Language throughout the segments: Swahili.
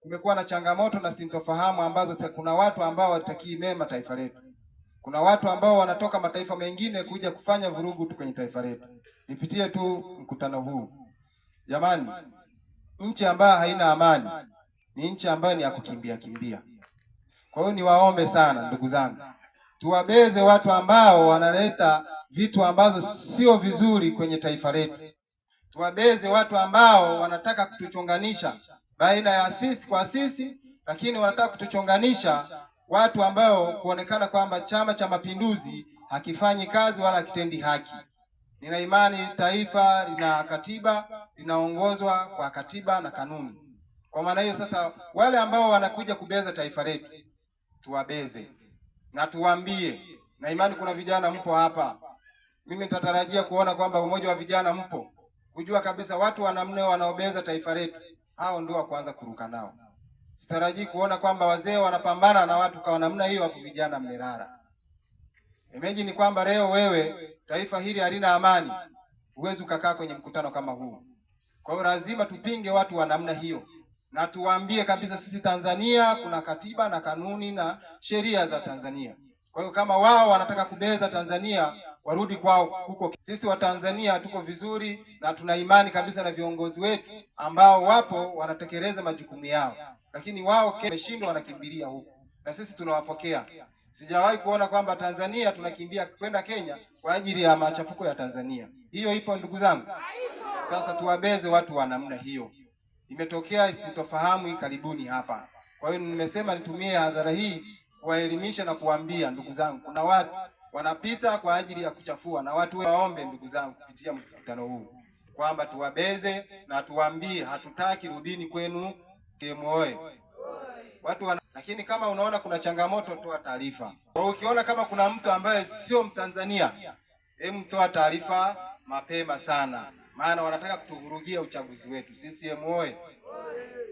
kumekuwa na changamoto na sintofahamu ambazo kuna watu ambao watakii mema taifa letu. Kuna watu ambao wanatoka mataifa mengine kuja kufanya vurugu tu kwenye taifa letu. Nipitie tu mkutano huu, jamani, nchi ambayo haina amani ni nchi ambayo ni ya kukimbia kimbia. Kwa hiyo niwaombe sana ndugu zangu, tuwabeze watu ambao wanaleta vitu ambazo sio vizuri kwenye taifa letu, tuwabeze watu ambao wanataka kutuchonganisha baina ya sisi kwa sisi, lakini wanataka kutuchonganisha watu ambao kuonekana kwamba Chama cha Mapinduzi hakifanyi kazi wala hakitendi haki. Nina imani taifa lina katiba, linaongozwa kwa katiba na kanuni. Kwa maana hiyo sasa, wale ambao wanakuja kubeza taifa letu tuwabeze na tuwambie na imani kuna vijana mpo hapa. Mimi nitatarajia kuona kwamba umoja wa vijana mpo, kujua kabisa watu wanamne wanaobeza taifa letu hao ndio wa kwanza kuruka nao. Sitarajii kuona kwamba wazee wanapambana na watu kwa namna hiyo, afu vijana mmerara. Imagine ni kwamba leo wewe taifa hili halina amani, huwezi ukakaa kwenye mkutano kama huu. Kwa hiyo lazima tupinge watu wa namna hiyo na tuwaambie kabisa, sisi Tanzania kuna katiba na kanuni na sheria za Tanzania. Kwa hiyo kama wao wanataka kubeza Tanzania warudi kwao huko. Sisi Watanzania tuko vizuri na tuna imani kabisa na viongozi wetu ambao wapo wanatekeleza majukumu yao, lakini wao wameshindwa, wanakimbilia huko na sisi tunawapokea. Sijawahi kuona kwamba Tanzania tunakimbia kwenda Kenya kwa ajili ya machafuko ya Tanzania. Hiyo ipo ndugu zangu. Sasa tuwabeze watu wa namna hiyo. Imetokea sitofahamu karibuni hapa, kwa hiyo nimesema nitumie hadhara hii kuwaelimisha na kuwaambia ndugu zangu, kuna watu wanapita kwa ajili ya kuchafua, na watu waombe, ndugu zangu, kupitia mkutano huu kwamba tuwabeze na tuwaambie, hatutaki rudini kwenu kemoe watu wana... Lakini kama unaona kuna changamoto, toa taarifa. Ukiona kama kuna mtu ambaye sio Mtanzania, hem, toa taarifa mapema sana, maana wanataka kutuvurugia uchaguzi wetu. Sisi emoe,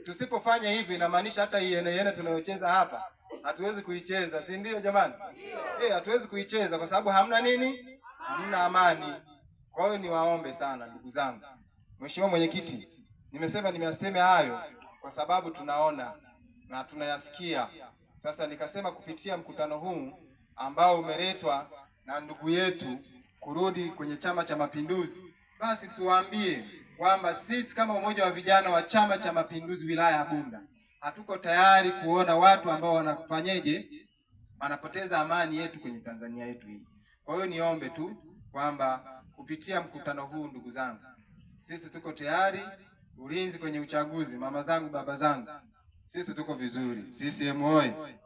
tusipofanya hivyo inamaanisha hata iyeneene tunayocheza hapa hatuwezi kuicheza, si ndio jamani? Eh, hatuwezi kuicheza kwa sababu hamna nini, hamna amani. Kwa hiyo niwaombe sana ndugu zangu, Mheshimiwa Mwenyekiti, nimesema nimeasema hayo kwa sababu tunaona na tunayasikia. Sasa nikasema kupitia mkutano huu ambao umeletwa na ndugu yetu kurudi kwenye Chama cha Mapinduzi, basi tuwaambie kwamba sisi kama umoja wa vijana wa Chama cha Mapinduzi wilaya ya Bunda hatuko tayari kuona watu ambao wanafanyeje, wanapoteza amani yetu kwenye Tanzania yetu hii. Kwa hiyo niombe tu kwamba kupitia mkutano huu, ndugu zangu, sisi tuko tayari ulinzi kwenye uchaguzi. Mama zangu, baba zangu, sisi tuko vizuri. CCM oyee!